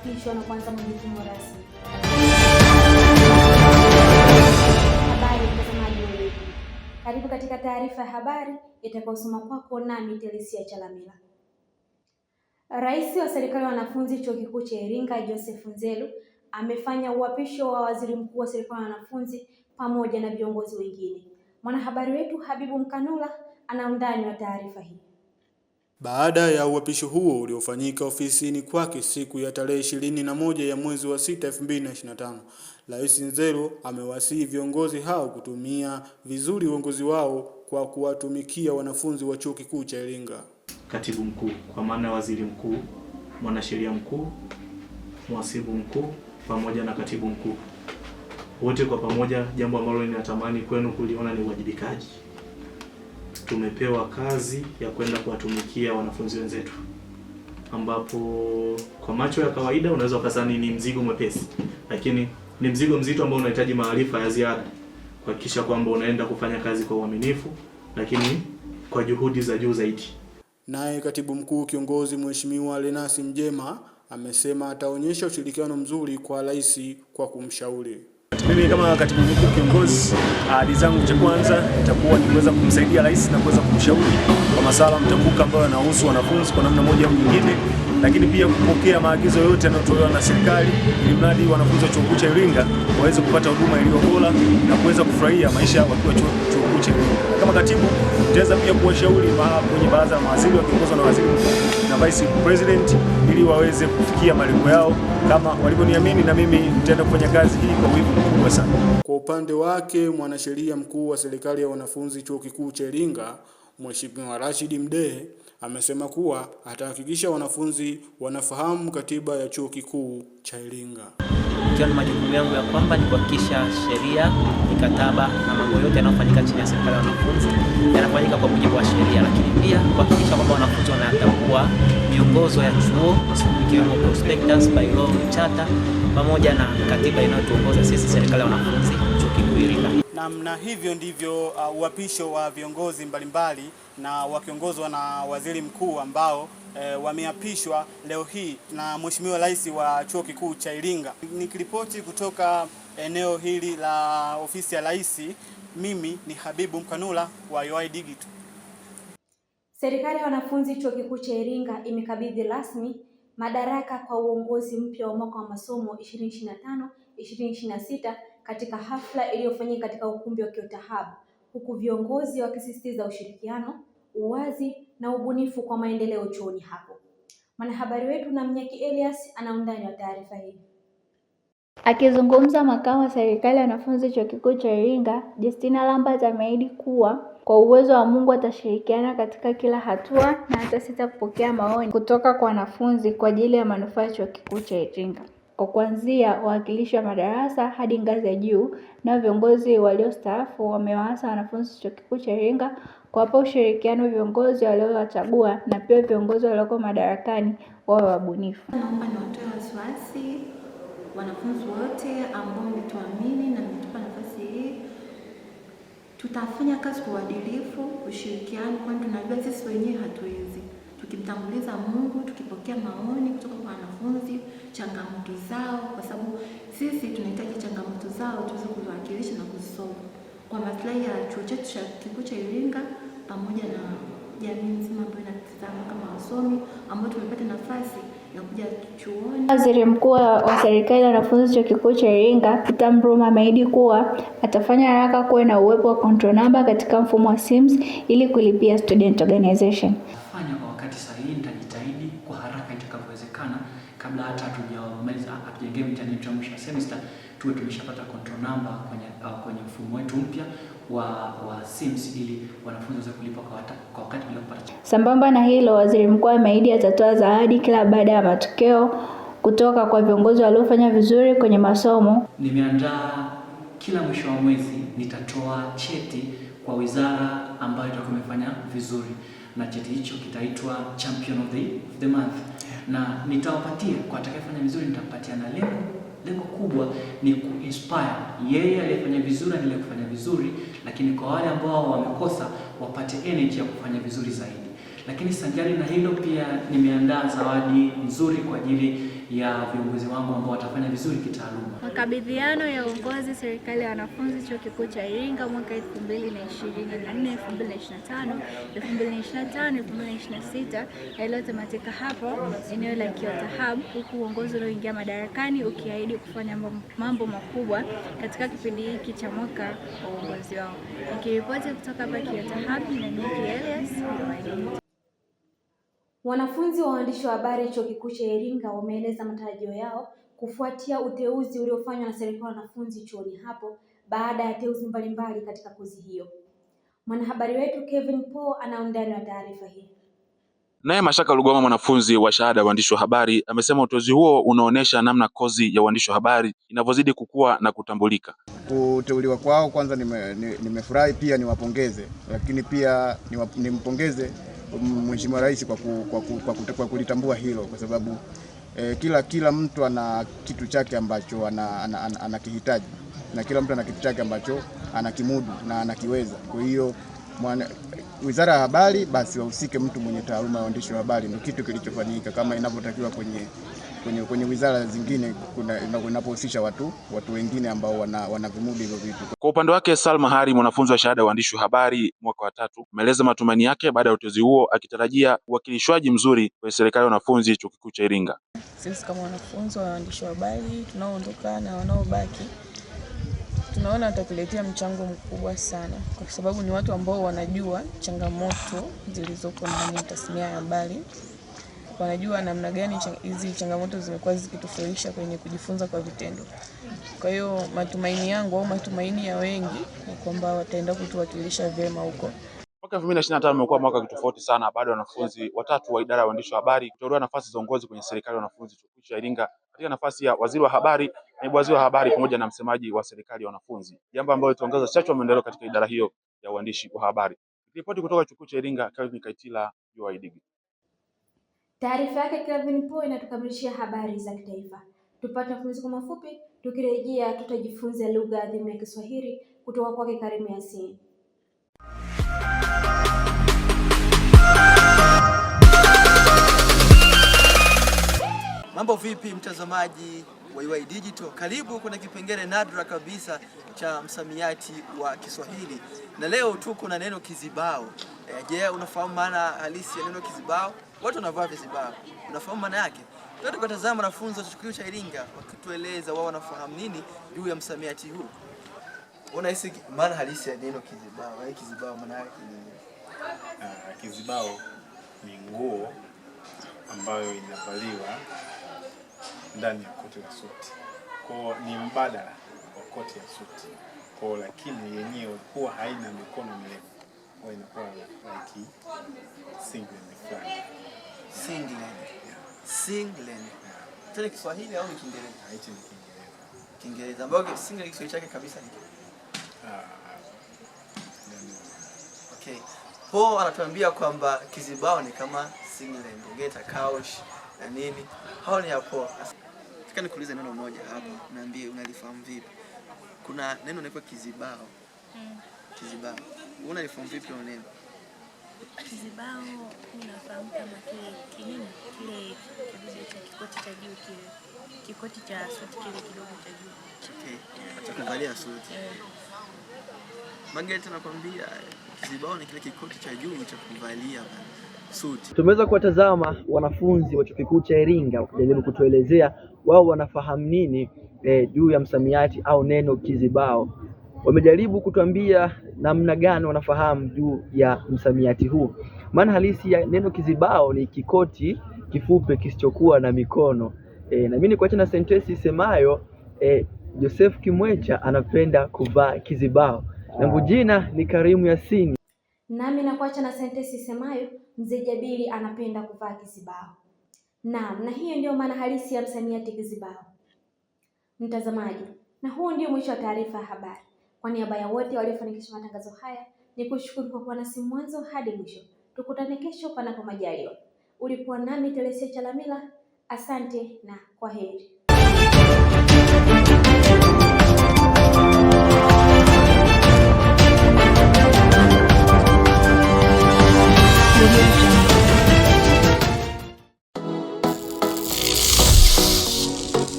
kuandikishwa na kuanza majukumu rasmi. Habari mtazamaji wa karibu katika taarifa ya habari itakayosoma kwako nami Telesia Chalamila. Rais wa serikali ya wanafunzi chuo kikuu cha Iringa Joseph Nzelu amefanya uapisho wa waziri mkuu wa serikali ya wanafunzi pamoja na viongozi wengine. Mwanahabari wetu Habibu Mkanula ana undani wa taarifa hii. Baada ya uhapisho huo uliofanyika ofisini kwake siku ya tarehe ishirini na moja ya mwezi wa sita elfu mbili na ishirini na tano, Rais Nzero amewasihi viongozi hao kutumia vizuri uongozi wao kwa kuwatumikia wanafunzi wa Chuo Kikuu cha Iringa. Katibu mkuu kwa maana ya waziri mkuu, mwanasheria mkuu, mwasibu mkuu pamoja na katibu mkuu, wote kwa pamoja, jambo ambalo ninatamani kwenu kuliona ni uwajibikaji tumepewa kazi ya kwenda kuwatumikia wanafunzi wenzetu, ambapo kwa macho ya kawaida unaweza ukasani ni mzigo mwepesi, lakini ni mzigo mzito ambao unahitaji maarifa ya ziada kuhakikisha kwamba unaenda kufanya kazi kwa uaminifu, lakini kwa juhudi za juu zaidi. Naye katibu mkuu kiongozi Mheshimiwa Lenasi Mjema amesema ataonyesha ushirikiano mzuri kwa rais kwa kumshauri mimi kama katibu mkuu kiongozi, ahadi zangu cha kwanza itakuwa ni kuweza kumsaidia rais na kuweza kumshauri kwa masala mtambuka ambayo yanahusu wanafunzi kwa namna moja au nyingine, lakini pia kupokea maagizo yote yanayotolewa na serikali, ili mradi wanafunzi wa chuo kikuu cha Iringa waweze kupata huduma iliyo bora na kuweza kufurahia maisha wakiwa chuo kikuu cha Iringa. Kama katibu, nitaweza pia kuwashauri kwenye baraza la mawaziri wakiongozwa na waziri mkuu na vice president, ili waweze kufikia malengo yao kama walivyoniamini, na mimi nitaenda kufanya kazi hii kwa wivu mkubwa sana. Kwa upande wake, mwanasheria mkuu wa serikali ya wanafunzi chuo kikuu cha Iringa Mheshimiwa Rashid Mdee amesema kuwa atahakikisha wanafunzi wanafahamu katiba ya Chuo Kikuu cha Iringa. Ikiwa ni majukumu yangu ya kwamba ni kuhakikisha sheria, mikataba na mambo yote yanayofanyika chini ya serikali ya wanafunzi yanafanyika kwa mujibu wa sheria, lakini pia kuhakikisha kwamba wanafunzi wanatambua miongozo ya chuo ikiwemo prospectus, bylaw, charter pamoja na katiba inayotuongoza sisi serikali ya wanafunzi Chuo Kikuu Iringa. Namna hivyo ndivyo uh, uapisho wa viongozi mbalimbali na wakiongozwa na waziri mkuu ambao e, wameapishwa leo hii na Mheshimiwa Rais wa Chuo Kikuu cha Iringa. Nikiripoti kutoka eneo hili la ofisi ya Rais, mimi ni Habibu Mkanula wa UoI Digital. Serikali ya wanafunzi Chuo Kikuu cha Iringa imekabidhi rasmi madaraka kwa uongozi mpya wa mwaka wa masomo 2025 2026 katika hafla iliyofanyika katika ukumbi wa Kyotahab huku viongozi wakisisitiza ushirikiano, uwazi na ubunifu kwa maendeleo chuoni hapo. Mwanahabari wetu mnyaki Elias ana undani wa taarifa hii. Akizungumza makamu wa serikali ya wanafunzi chuo kikuu cha Iringa, Justina Lambert ameahidi kuwa kwa uwezo wa Mungu atashirikiana katika kila hatua na sita kupokea maoni kutoka kwa wanafunzi kwa ajili ya manufaa ya chuo kikuu cha Iringa kwa kuanzia wawakilishi wa madarasa hadi ngazi ya juu. Na viongozi waliostaafu wamewaasa wanafunzi Chuo Kikuu cha Iringa kuwapa ushirikiano viongozi waliowachagua na pia viongozi walioko madarakani wawe wabunifu. Naomba niwatoe wasiwasi wanafunzi wote ambao mmetuamini na mmetupa nafasi hii. Tutafanya kazi kwa uadilifu, ushirikiano, kwani tunajua sisi wenyewe hatuwezi. Tukimtanguliza Mungu, tukipokea maoni changamoto zao, kwa sababu sisi tunahitaji changamoto zao tuweze kuziwakilisha na kuzisoma kwa maslahi ya chuo chetu cha kikuu cha Iringa pamoja na jamii nzima ambayo inatizama kama wasomi ambao tumepata nafasi Waziri Mkuu wa Serikali na Wanafunzi Chuo Kikuu cha Iringa, Peter Mruma, ameahidi kuwa atafanya haraka kuwe na uwepo wa control number katika mfumo wa SIMS ili kulipia student organization. semester tuwe tumeshapata control number kwenye, uh, kwenye mfumo wetu mpya wa, wa SIMS ili wanafunzi waweze kulipa kwa, kwa wakati bila kupata. Sambamba na hilo, waziri mkuu ameahidi atatoa zawadi kila baada ya matokeo kutoka kwa viongozi waliofanya vizuri kwenye masomo. Nimeandaa kila mwisho wa mwezi nitatoa cheti kwa wizara ambayo itakuwa imefanya vizuri, na cheti hicho kitaitwa Champion of the, of the Month, na nitawapatia kwa atakayefanya vizuri, nitampatia na lebo Lengo kubwa ni kuinspire yeye aliyefanya vizuri aendelee kufanya vizuri, lakini kwa wale ambao wamekosa wapate energy ya kufanya vizuri zaidi. Lakini sanjari na hilo, pia nimeandaa zawadi nzuri kwa ajili ya viongozi wangu ambao watafanya vizuri kitaaluma. Makabidhiano ya uongozi serikali ya wanafunzi chuo kikuu cha Iringa mwaka 2024, 2025, 2025, 2026 yaliyotamatika hapo eneo la Kiota Hub, huku uongozi ulioingia madarakani ukiahidi kufanya mambo makubwa katika kipindi hiki cha mwaka wa uongozi wao. Nikiripoti kutoka hapa Kiota Hub na Elias. Wanafunzi wa waandishi wa habari Chuo Kikuu cha Iringa wameeleza matarajio yao kufuatia uteuzi uliofanywa na serikali ya wanafunzi chuoni hapo baada ya teuzi mbalimbali katika kozi hiyo. Mwanahabari wetu Kevin Paul ana undani wa taarifa hii. Naye Mashaka Lugoma, mwanafunzi wa shahada ya uandishi wa habari, amesema uteuzi huo unaonyesha namna kozi ya uandishi wa habari inavyozidi kukua na kutambulika. Kuteuliwa kwao kwanza nimefurahi, ni pia niwapongeze, lakini pia nimpongeze Mheshimiwa Rais kwa, ku, kwa, ku, kwa, ku, kwa kulitambua hilo kwa sababu eh, kila kila mtu ana kitu chake ambacho anakihitaji ana, ana, ana na kila mtu ana kitu chake ambacho anakimudu na anakiweza, kwa hiyo mwana, Wizara ya Habari, basi wahusike mtu mwenye taaluma ya uandishi wa habari. Ndio kitu kilichofanyika kama inavyotakiwa kwenye, kwenye, kwenye wizara zingine inapohusisha watu, watu wengine ambao wana, vimudi hivyo vitu. Kwa upande wake Salma Hari, mwanafunzi wa shahada ya uandishi wa habari mwaka wa tatu, ameeleza matumaini yake baada ya uteuzi huo, akitarajia uwakilishwaji mzuri kwenye serikali ya wanafunzi chuo kikuu cha Iringa. Sisi kama wanafunzi wa waandishi wa habari tunaoondoka na wanaobaki tunaona watakuletea mchango mkubwa sana, kwa sababu ni watu ambao wanajua changamoto zilizoko ndani ya tasnia ya habari, wanajua namna gani hizi changamoto zimekuwa zikitufurisha kwenye kujifunza kwa vitendo. Kwa hiyo matumaini yangu au matumaini ya wengi ni kwamba wataenda kutuwakilisha vyema huko. Mwaka 2025 umekuwa mwaka kitofauti sana baada ya wanafunzi watatu wa idara ya uandishi wa habari kuteuliwa nafasi za uongozi kwenye serikali ya wanafunzi chuo cha Iringa katika nafasi ya waziri wa habari naibu waziri wa habari pamoja na msemaji wa serikali ya wanafunzi, jambo ambalo litaongeza chachu wa maendeleo katika idara hiyo ya uandishi wa habari. Ripoti kutoka chuo cha Iringa, Kelvin Kaitila, UoI. Taarifa yake Kelvin Poo inatukamilishia habari za kitaifa. Tupate mapumziko mafupi, tukirejea tutajifunza lugha adhimu ya Kiswahili kutoka kwake Karimu Yasin. Mambo vipi mtazamaji? wa Digital. Karibu, kuna kipengele nadra kabisa cha msamiati wa Kiswahili na leo tu kuna neno kizibao. Eh, je, unafahamu maana halisi ya neno kizibao? Watu wanavaa vizibao, unafahamu maana yake? Leo tukatazama wanafunzi wa chuo cha Iringa wakitueleza wao wanafahamu nini juu ya msamiati huu. Unahisi maana halisi ya neno kizibao? Hai, eh, kizibao maana yake ni uh, kizibao ni nguo ambayo inavaliwa ndani ya koti la suti, kwa ni mbadala wa koti ya suti kwa, lakini yenyewe huwa haina mikono mirefu, kwa inakuwa like single Single fulani. Singlet, singlet tena Kiswahili au Kiingereza? Hicho ni Kiingereza. Kiingereza ambapo singlet Kiswahili chake kabisa ni Ah. Okay. Po anatuambia kwamba kizibao ni kama singlet, geta, couch na nini. Hao ni hapo nataka nikuulize neno moja hapa, niambie unalifahamu vipi? Kuna neno naitwa kizibao. Mm. Kizibao. Wewe unalifahamu vipi hilo neno? Kizibao unafahamu kama kile kinini kile kidogo cha kikoti cha juu kile. Kikoti cha suti kile kidogo cha juu. Okay. Cha kuvalia suti. Yeah. Mageti nakwambia kizibao ni kile kikoti cha juu cha kuvalia bana. Tumeweza kuwatazama wanafunzi wa chuo kikuu cha Iringa wakijaribu kutuelezea wao wanafahamu nini e, juu ya msamiati au neno kizibao. Wamejaribu kutuambia namna gani wanafahamu juu ya msamiati huu. Maana halisi ya neno kizibao ni kikoti kifupe kisichokuwa na mikono e, na mimi nikuacha na sentensi isemayo e, Joseph Kimwecha anapenda kuvaa kizibao. Langu ah. jina ni Karimu Yasini, nami nakuacha na sentensi isemayo Mzee Jabiri anapenda kuvaa kizibao. Naam, na hiyo ndiyo maana halisi ya msamiati kizibao, mtazamaji. Na huu ndio mwisho wa taarifa ya habari. Kwa niaba ya wote waliofanikisha matangazo haya, ni kushukuru kwa kuwa nasi mwanzo hadi mwisho. Tukutane kesho, panapo majaliwa. Ulikuwa nami Telesia Chalamila, asante na kwa heri.